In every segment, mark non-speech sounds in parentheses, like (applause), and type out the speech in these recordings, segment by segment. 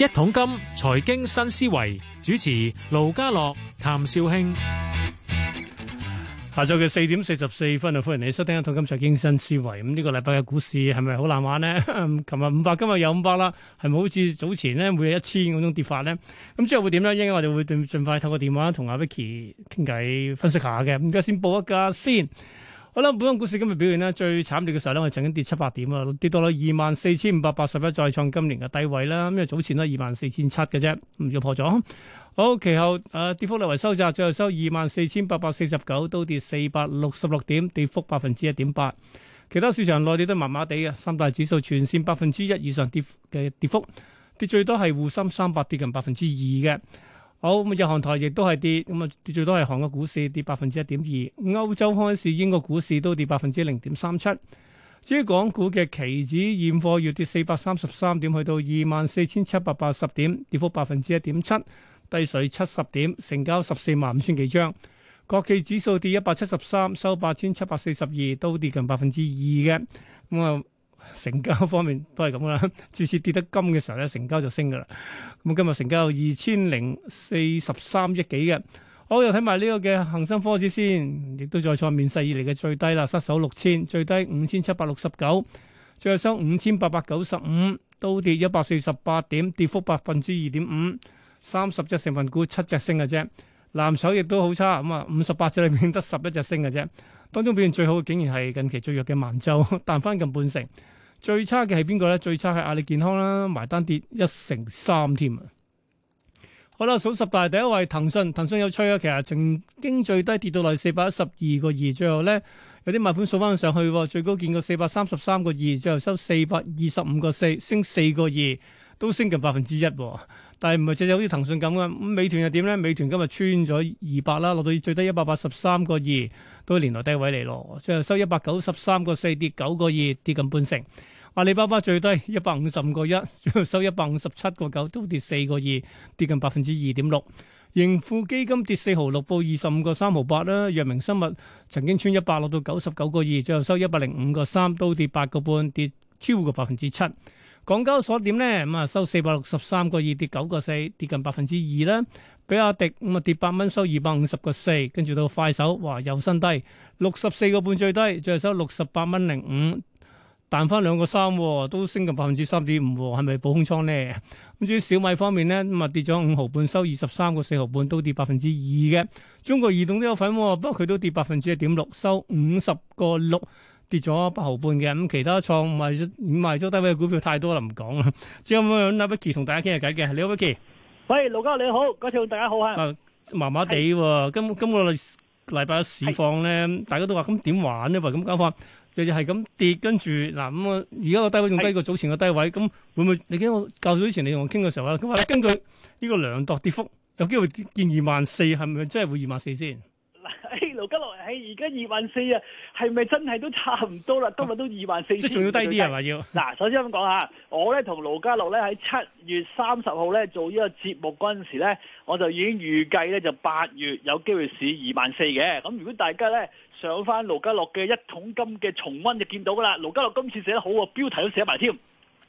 一桶金財經新思維主持盧家樂譚紹興，下晝嘅四點四十四分啊，歡迎你收聽一桶金財經新思維。咁、嗯、呢、這個禮拜嘅股市係咪好難玩呢？琴日五百，天500，今日有五百啦，係咪好似早前呢？每日一千嗰種跌法呢？咁、嗯、之後會點呢？應該我哋會盡快透過電話同阿 Vicky 傾偈分析一下嘅。咁而家先報一價先。好啦，本港股市今日表現咧，最慘烈嘅時候咧，我曾經跌七八點啊，跌到咧二萬四千五百八十一，再創今年嘅低位啦。咁啊，早前都二萬四千七嘅啫，唔要破咗。好，其後誒，跌幅略為收窄，最後收二萬四千八百四十九，都跌四百六十六點，跌幅百分之一點八。其他市場內地都麻麻地嘅，三大指數全線百分之一以上跌嘅跌幅，跌最多係滬深三百跌近百分之二嘅。好，咁啊，日韓台亦都係跌，咁啊，最多係韓國股市跌百分之一點二，歐洲開市，英國股市都跌百分之零點三七。至於港股嘅期指現貨，月跌四百三十三點，去到二萬四千七百八十點，跌幅百分之一點七，低水七十點，成交十四萬五千幾張。國企指數跌一百七十三，收八千七百四十二，都跌近百分之二嘅，咁啊。成交方面都係咁啦，次次跌得金嘅時候咧，成交就升噶啦。咁今日成交二千零四十三億幾嘅，好，又睇埋呢個嘅恒生科指先，亦都再創面世以嚟嘅最低啦，失守六千，最低五千七百六十九，再收五千八百九十五，都跌一百四十八點，跌幅百分之二點五。三十隻成分股七隻升嘅啫，藍籌亦都好差，咁啊，五十八隻裏面得十一隻升嘅啫。當中表現最好嘅竟然係近期最弱嘅萬洲，彈翻近半成。最差嘅係邊個咧？最差係阿里健康啦，埋單跌一成三添啊！好啦，數十大第一位騰訊，騰訊有吹啊，其實曾經最低跌到嚟四百一十二個二，最後咧有啲賣盤掃翻上去，最高見過四百三十三個二，最後收四百二十五個四，升四個二。都升近百分之一喎，但係唔係隻隻好似騰訊咁嘅。咁美團又點咧？美團今日穿咗二百啦，落到最低一百八十三個二，都係年來低位嚟咯。最後收一百九十三個四，跌九個二，跌近半成。阿里巴巴最低一百五十五個一，最後收一百五十七個九，都跌四個二，跌近百分之二點六。盈富基金跌四毫六，報二十五個三毫八啦。藥明生物曾經穿一百，落到九十九個二，最後收一百零五個三，都跌八個半，跌超過百分之七。港交所點咧？咁啊收四百六十三個二，跌九個四，跌近百分之二啦。比亞迪咁啊跌八蚊，收二百五十個四。跟住到快手，哇又新低，六十四個半最低，再收六十八蚊零五，彈翻兩個三，都升近百分之三點五喎。係咪補空倉咧？咁至於小米方面咧，咁啊跌咗五毫半，收二十三個四毫半，都跌百分之二嘅。中國移動都有份，不過佢都跌百分之一點六，收五十個六。跌咗八毫半嘅，咁其他創五賣五賣足低位嘅股票太多啦，唔講啦。之咁阿阿 Bucky 同大家傾下偈嘅，你好 Bucky。喂，盧哥你好，嗰條，大家好啊。麻麻地喎，今今個禮拜市況咧，大家都話咁點玩咧？咁搞法就就係咁跌，跟住嗱咁啊，而家個低位仲低過早前個低位，咁、啊、會唔會？你記得我較早之前你同我傾嘅時候啊，佢話根據呢個量度跌幅，有機會見二萬四，係咪真係會二萬四先？盧家樂喺而家二萬四啊，係咪真係都差唔多啦？今日都二萬四，即仲要低啲係嘛？要嗱，首先咁講下，我咧同盧家樂咧喺七月三十號咧做呢個節目嗰陣時咧，我就已經預計咧就八月有機會試二萬四嘅。咁如果大家咧上翻盧家樂嘅一桶金嘅重溫，就見到噶啦。盧家樂今次寫得好啊，標題都寫埋添。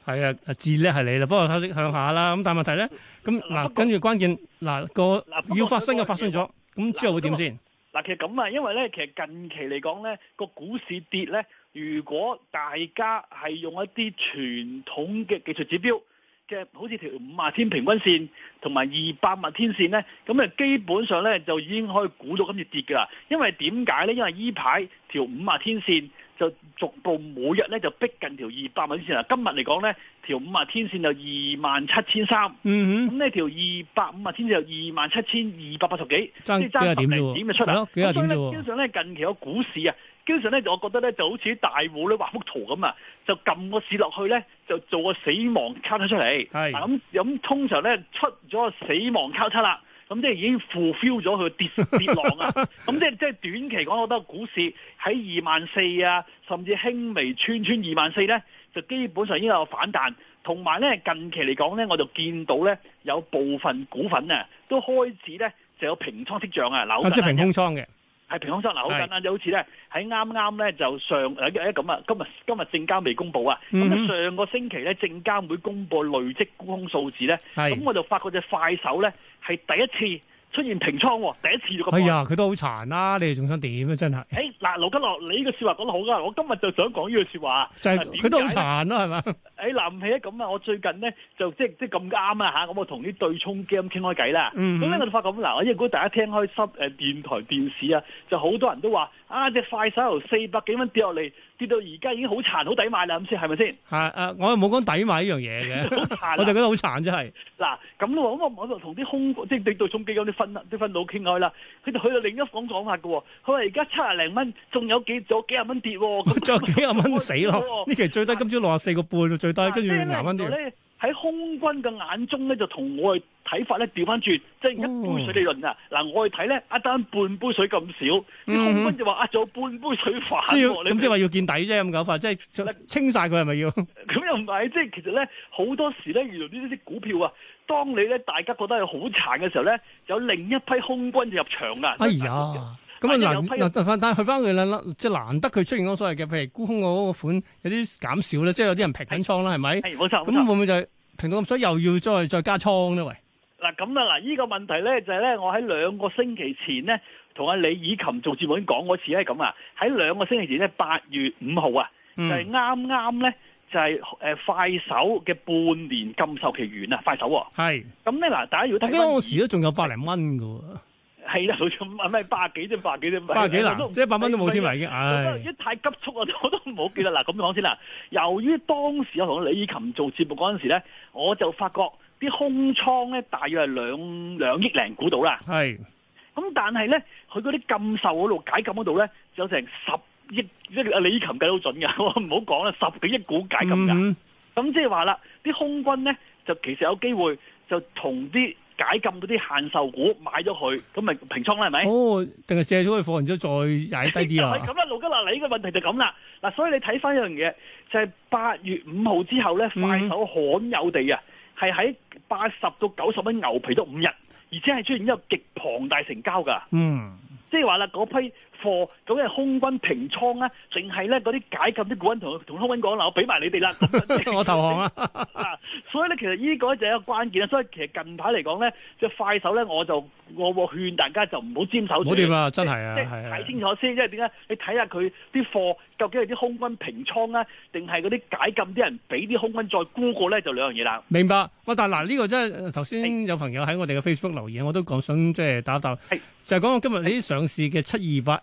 係啊，字叻係你啦。不過頭先向下啦。咁但係問題咧，咁嗱，跟住關鍵嗱、嗰個要發生嘅發生咗，咁之後會點先？嗱，其實咁啊，因為咧，其實近期嚟講咧，個股市跌咧，如果大家係用一啲傳統嘅技術指標嘅，好似條五十天平均線同埋二百萬天線咧，咁啊，基本上咧就已經可以估到今次跌㗎啦。因為點解咧？因為依排條五十天線。就逐步每日咧就逼近條二百蚊線啦。今日嚟講咧，條五十天線就二萬七千三。嗯哼，咁呢條二百五十天線就二萬七千二百八十幾。爭咁又點啫？點就出嚟。幾多點啫？基本咧，近期個股市啊，經常咧，我覺得咧就好似大戶咧畫幅圖咁啊，就撳個市落去咧，就做個死亡交叉出嚟。係，咁咁通常咧出咗個死亡交叉啦。咁 (laughs) 即係已經 fulfill 咗佢跌跌浪啊！咁即係即係短期講，我覺得股市喺二萬四啊，甚至輕微穿穿二萬四咧，就基本上已經有反彈。同埋咧，近期嚟講咧，我就見到咧有部分股份啊，都開始咧就有平倉跡象啊，扭翻嚟。即係平空倉嘅。係平安生蠔好真啊！就好似咧，喺啱啱咧就上誒誒咁啊，今日今日證監未公佈啊，咁上個星期咧證監會公佈累積沽空數字咧，咁我就發覺隻快手咧係第一次。出現平倉喎，第一次就咁啊！哎呀，佢都好殘啦、啊，你哋仲想點啊？真係！誒、哎、嗱，劉吉樂，你呢個説話講得好㗎、啊，我今日就想講呢句説話，就係、是、佢都好殘咯，係嘛？誒嗱，唔係啊，咁、哎、啊，我最近咧就即係即係咁啱啊吓，咁我同啲對沖 game 傾開偈啦。咁、嗯、咧我發覺咁嗱，因為如果大家聽開收誒電台電視啊，就好多人都話啊，隻快手四百幾蚊跌落嚟。跌到而家已經好殘，好抵買啦咁先，係咪先？係啊，我又冇講抵買呢樣嘢嘅。啊、 (laughs) 我就覺得好殘真係。嗱、啊，咁我咁我同啲空，即係對沖基金啲分，啲分佬傾開啦，佢就去到另一房講法嘅。佢話而家七廿零蚊，仲有幾左幾廿蚊跌，仲有幾廿蚊、哦、死咯。呢、啊、期最低今朝六十四個半最低，跟住廿蚊跌。喺空軍嘅眼中咧，就同我哋睇法咧調翻轉，即係、就是、一杯水理論、哦、啊！嗱，我哋睇咧一單半杯水咁少，啲空軍就話呃咗半杯水飯、啊。需要咁即係話要見底啫，咁搞法即係清晒佢係咪要？咁又唔係，即係、就是就是、其實咧，好多時咧，原來呢啲股票啊，當你咧大家覺得係好慘嘅時候咧，有另一批空軍就入場啊！哎呀～咁、嗯、啊、嗯、難、嗯、難但係去翻佢啦，即係難、難、難得佢出現嗰所謂嘅，譬如沽空嗰個款有啲減少咧，即係、就是、有啲人平緊倉啦，係咪？係冇錯。咁會唔會就係平到咁所以又要再再加倉呢？喂！嗱咁啊嗱，依個問題咧就係、是、咧，我喺兩個星期前咧同阿李以琴做節目講過一次，係咁啊，喺兩個星期前咧八月五號啊，就係啱啱咧就係誒快手嘅半年禁售期完啊，快手喎。係。咁咧嗱，大家如果睇嗰時都仲有百零蚊㗎係啦，好似五唔係八幾啫，八幾幾啫，八幾幾啦，即係一百蚊都冇添已經啊一太急促啊，我都唔好、欸、記得。啦咁講先啦。由於當時我同李以琴做節目嗰陣時咧，我就發覺啲空倉咧，大約係兩兩億零股到啦。係。咁但係咧，佢嗰啲禁售嗰度解禁嗰度咧，有成十億，即係阿李以琴計到準㗎，我唔好講啦，十幾億股解禁㗎。咁即係話啦，啲空軍咧就其實有機會就同啲。解禁嗰啲限售股買咗佢，咁咪平倉啦，係咪？哦，定係借咗佢貨完之後再踩低啲啊？唔係咁啦，盧吉納，你呢個問題就咁啦。嗱，所以你睇翻一樣嘢，就係八月五號之後咧，快手罕有地啊，係喺八十到九十蚊牛皮都五日，而且係出現咗個極龐大成交㗎。嗯，即係話啦，嗰批。究竟係空軍平倉啊，定係咧嗰啲解禁啲股民同同空軍講嗱，我俾埋你哋啦，我投降啊！所以咧，其實呢個就係一個關鍵啦。所以其實近排嚟講咧，即係快手咧，我就我勸大家就唔好沾手。唔好掂啊！真係啊，即係睇清楚先，即係點解你睇下佢啲貨究竟係啲空軍平倉啊，定係嗰啲解禁啲人俾啲空軍再沽過咧，就兩樣嘢啦。明白。哇！但係嗱，呢個真係頭先有朋友喺我哋嘅 Facebook 留言，我都講想即係打鬥，就係講今日啲上市嘅七二八。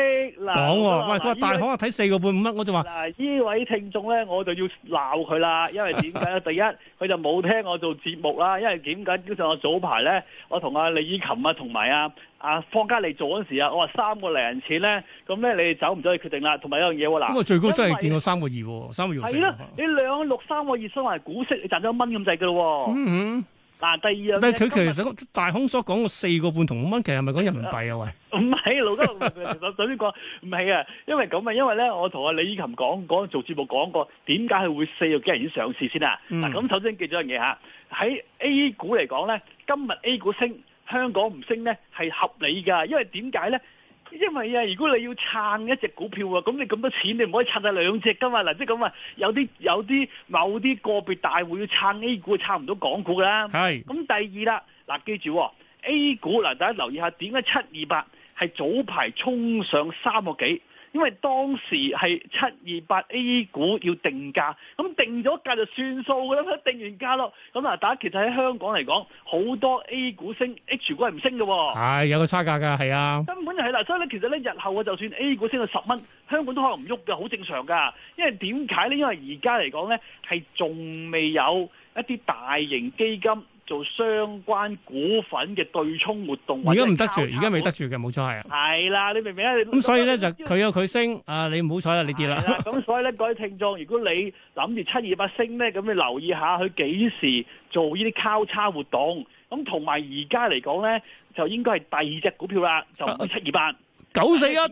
嗱，喂，佢話大行啊！睇、啊啊啊、四個半五蚊，我就話嗱，呢位聽眾咧，我就要鬧佢啦，因為點解咧？ (laughs) 第一，佢就冇聽我做節目啦，因為點解？叫上我早排咧，我同阿李依琴啊，同埋啊啊方嘉莉做嗰時啊，啊時我話三個零錢咧，咁咧你走唔走？你走走決定啦。同埋一樣嘢嗱，咁我最高真係見過三個二，三個二。係咯，你兩六三個二收埋股息，你賺咗一蚊咁滯㗎咯喎。嗯嗯。嗱，第二樣，但係佢其實大空所講個四個半同五蚊，其實係咪講人民幣啊？喂，唔係，老高，首先講唔係啊，因為咁啊，因為咧，我同阿李依琴講，講做節目講過，點解佢會四個幾人先上市先啊？嗱、嗯，咁首先記咗樣嘢嚇，喺 A 股嚟講咧，今日 A 股升，香港唔升咧係合理㗎，因為點解咧？因為啊，如果你要撐一隻股票啊，咁你咁多錢，你唔可以撐下兩隻噶嘛。嗱，即係咁啊，有啲有啲某啲個別大戶要撐 A 股，撐唔到港股噶啦。係。咁第二啦，嗱，啊，記住啊，A 股嗱，大家留意下點解七二八係早排衝上三個幾？因為當時係七二八 A 股要定價，咁定咗價就算數噶啦，定完價咯。咁啊，大家其實喺香港嚟講，好多 A 股升，H 股係唔升嘅。係、哎、有個差價噶，係啊。根本就係啦，所以咧，其實咧，日後我就算 A 股升到十蚊，香港都可能唔喐嘅，好正常噶。因為點解咧？因為而家嚟講咧，係仲未有一啲大型基金，做相關股份嘅對沖活動，而家唔得住，而家未得住嘅，冇錯係。係啦，你明唔明啊？咁、嗯、所以咧就佢有佢升，啊、嗯、你唔好彩啦你跌啦。咁所以咧，各位聽眾，如果你諗住七二八升咧，咁你留意一下佢幾時做呢啲交叉活動。咁同埋而家嚟講咧，就應該係第二隻股票啦，就七二八九四一。係、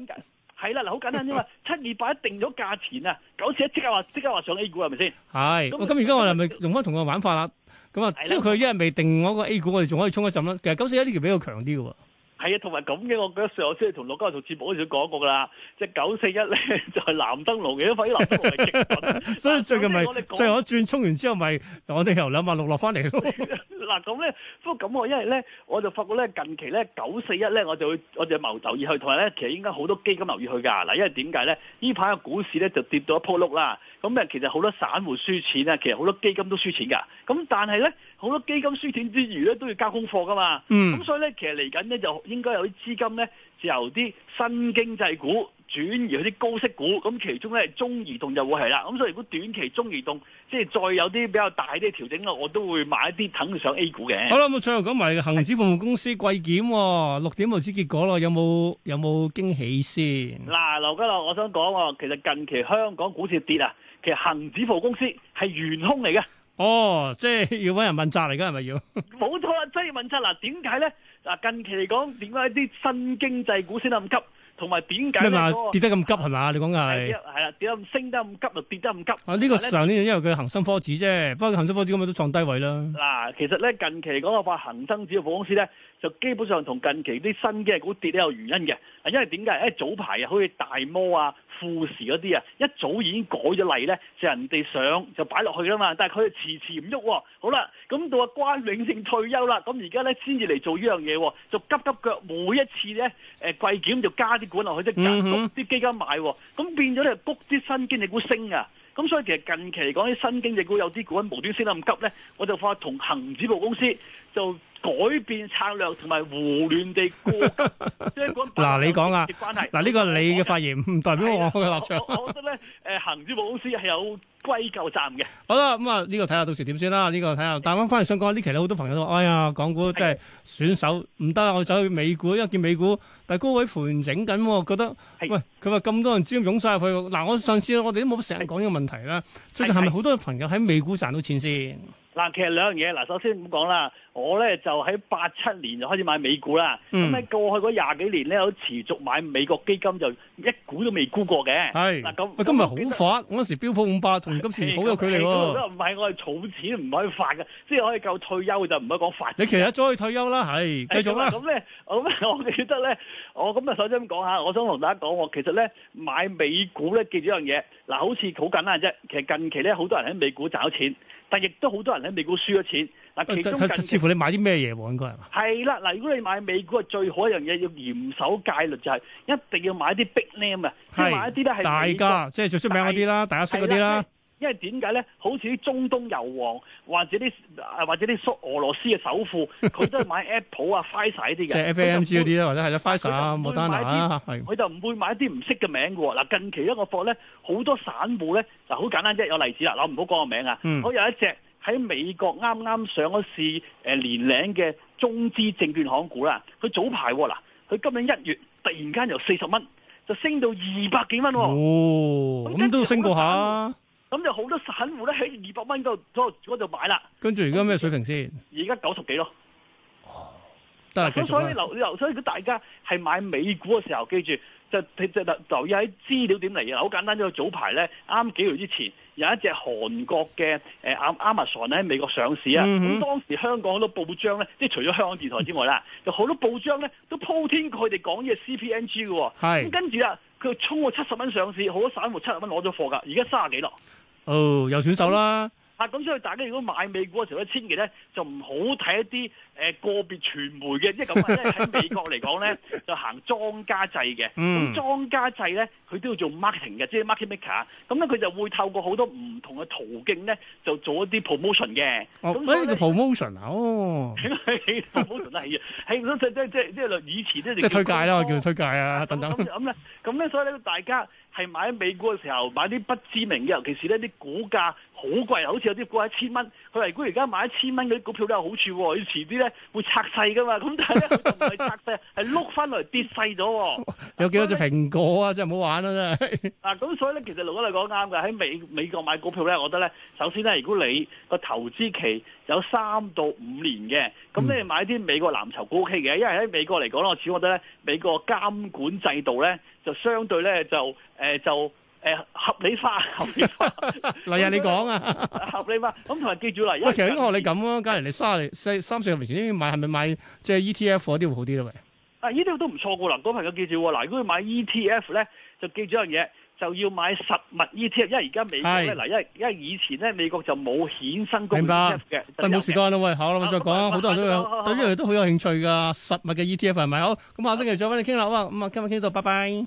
啊、啦，嗱，好簡單啫嘛，七二八一定咗價錢啊，九四一即刻話，即刻話上 A 股係咪先？係。咁而家我哋係咪用翻同一個玩法啦？咁啊，即係佢一係未定嗰個 A 股，我哋仲可以沖一陣啦。其實九四一呢條比較強啲嘅喎。係啊，同埋咁嘅，我覺得上我先係同陸嘉同節目嗰時講過啦。即係九四一咧，就係、是就是、藍燈籠嘅，發啲藍燈籠嚟激 (laughs) 我。所以最近咪，最後一轉沖完之後咪，我哋由兩萬六落翻嚟。嗱咁咧，不過咁我因為咧，我就發覺咧近期咧九四一咧我就會我就係謀頭而去，同埋咧其實應該好多基金留意去㗎。嗱，因為點解咧？呢排嘅股市咧就跌咗一鋪碌啦。咁誒，其實好多散戶輸錢咧，其實好多基金都輸錢㗎。咁但係咧。好多基金輸錢之餘咧，都要交功課噶嘛。咁、嗯、所以咧，其實嚟緊咧就應該有啲資金咧，由啲新經濟股轉移去啲高息股。咁其中咧，中移動就會係啦。咁所以，如果短期中移動即係再有啲比較大啲嘅調整啦，我都會買一啲等上 A 股嘅。好啦，咁最後講埋恒指服務公司季檢六點就知結果咯，有冇有冇驚喜先？嗱，劉家樂，我想講，其實近期香港股市跌啊，其實恒指服務公司係懸空嚟嘅。哦，即係要搵人問責嚟噶係咪要？冇錯啦，真係要問責嗱。點解咧？嗱，近期嚟講，點解啲新經濟股先得咁急，同埋點解跌得咁急係嘛？你講係？係啦，點解升得咁急又跌得咁急？啊，呢個時候咧，因為佢恒生科指啫，不過恒生科指今日都撞低位啦。嗱，其實咧近期嚟講啊，話恒生指數公司咧，就基本上同近期啲新經濟股跌都有原因嘅。啊，因為點解？誒，早排啊，好似大摩啊。富時嗰啲啊，一早已經改咗例咧，就人哋上就擺落去啦嘛，但係佢就遲遲唔喐。好啦，咁到阿關永盛退休啦，咁而家咧先至嚟做呢樣嘢，就急急腳，每一次咧誒、呃、季檢就加啲股落去，即係引啲基金買，咁、嗯、變咗咧谷啲新經濟股升啊！咁、嗯、所以其實近期講起新經濟股有啲股份無端升得咁急咧，我就發覺同行指部公司就改變策略同埋胡亂地沽， (laughs) 即係嗱你講啊，啲關係嗱呢個你嘅發言唔代表我嘅立場。我，我，我覺得咧，誒恆指部公司係有。歸舊站嘅，好啦，咁啊呢個睇下到時點先啦。呢個睇下，但係我翻嚟，想講呢期咧，好多朋友都，哎呀，港股真係選手唔得啦，我走去美股，因為見美股但係高位盤整緊，覺得喂，佢話咁多人資金湧晒入去，嗱，我上次我哋都冇成日講呢個問題啦，最近係咪好多朋友喺美股賺到錢先？嗱，其實兩樣嘢，嗱，首先咁講啦，我咧就喺八七年就開始買美股啦，咁、嗯、喺過去嗰廿幾年咧有持續買美國基金，就一股都未沽過嘅。嗱咁、啊，今日好發，我嗰時標普五百，同今次好有距離喎。唔係，我係儲錢唔可以發嘅，即係可以夠退休就唔可以講發。你其實都可以退休啦，係繼續啦。咁咧，我我記得咧，我咁啊首先咁講下，我想同大家講，我其實咧買美股咧記住一樣嘢，嗱，好似好簡單啫。其實近期咧好多人喺美股找錢。但亦都好多人喺美股輸咗錢。嗱，其中甚至乎似乎你買啲咩嘢喎？應該係。係啦，嗱，如果你買美股啊，最好一樣嘢要嚴守戒律就係，一定要買啲 big name 啊，即係買一啲咧係大家，即係最出名嗰啲啦，大家識嗰啲啦。因為點解咧？好似啲中東油王，或者啲誒，或者啲蘇俄羅斯嘅首富，佢都係買 Apple 啊、Pfizer 啲嘅。即係 FAMG 啲啦，或者係啦 Pfizer 啊，摩丹拿啦，佢就唔會買一啲唔識嘅名喎。嗱、啊，近期一個貨咧，好多散戶咧，嗱、啊，好簡單啫，有例子啦。嗱，唔好講個名啊。我、嗯、有一隻喺美國啱啱上咗市誒年齡嘅中資證券行股啦。佢早排喎嗱，佢、啊、今年一月突然間由四十蚊就升到二百幾蚊。哦、咁、嗯、都要升過下。咁就好多散戶咧喺二百蚊嗰度度買啦，跟住而家咩水平先？而家九十幾咯。咁、哦、所以留留所以如果大家係買美股嘅時候，記住就就留意喺資料點嚟嘅！好簡單，因為早排咧啱幾日之前有一隻韓國嘅誒、呃、Amazon 咧喺美國上市啊！咁、嗯、當時香港好多報章咧，即係除咗香港電台之外啦， (laughs) 就好多報章咧都鋪天佢哋講嘢 CPNG 嘅喎。咁跟住啦。佢衝過七十蚊上市，好多散戶七十蚊攞咗貨㗎，而家三十幾啦。哦，又選手啦。啊！咁所以大家如果買美股嘅時候咧，千祈咧就唔好睇一啲誒、呃、個別傳媒嘅，即係咁咧喺美國嚟講咧， (laughs) 就行莊家制嘅。咁、嗯、莊家制咧，佢都要做 marketing 嘅，即係 market maker。咁咧，佢就會透過好多唔同嘅途徑咧，就做一啲 promotion 嘅。哦，咩叫、啊這個、promotion 哦，promotion 係 p r o m o t i o n 即係即係即係，以前咧即係推介啦，我叫做推介啊，等等。咁、啊、咧，咁咧，所以咧，大家。係買喺美國嘅時候買啲不知名嘅，尤其是呢啲股價好貴，好似有啲過一千蚊。佢話如果而家買一千蚊嗰啲股票都有好處，要遲啲咧會拆細噶嘛。咁但係咧唔係拆細，係碌翻落嚟跌細咗。有幾多隻蘋果啊？真係唔好玩啦！真係。啊，咁、啊、所以咧，其實盧哥你講得啱噶，喺美美國買股票咧，我覺得咧，首先咧，如果你個投資期，有三到五年嘅，咁你買啲美國藍籌股 O K 嘅，因為喺美國嚟講咧，我始終覺得咧，美國監管制度咧就相對咧就誒、呃、就誒、呃、合理化，合理化。嚟啊，你講啊，合理化。咁同埋記住啦，喂， (laughs) 其實應該學你咁咯，假如你卅、卅、三、四十年前應該買係咪買即係 E T F 嗰啲會好啲咧？喂 (laughs) ，啊，呢啲都唔錯噶嗱，嗰個朋友記住喎。嗱，如果佢買 E T F 咧，就記住一樣嘢。就要買實物 ETF，因為而家美國咧嗱，因為因為以前咧美國就冇衍生工具嘅，冇時間啦喂，好啦，我再講，好多人都有，對呢樣嘢都好有興趣噶實物嘅 ETF 係咪？好，咁，下星期再揾你傾啦，好嘛？咁啊，今日傾到，拜拜。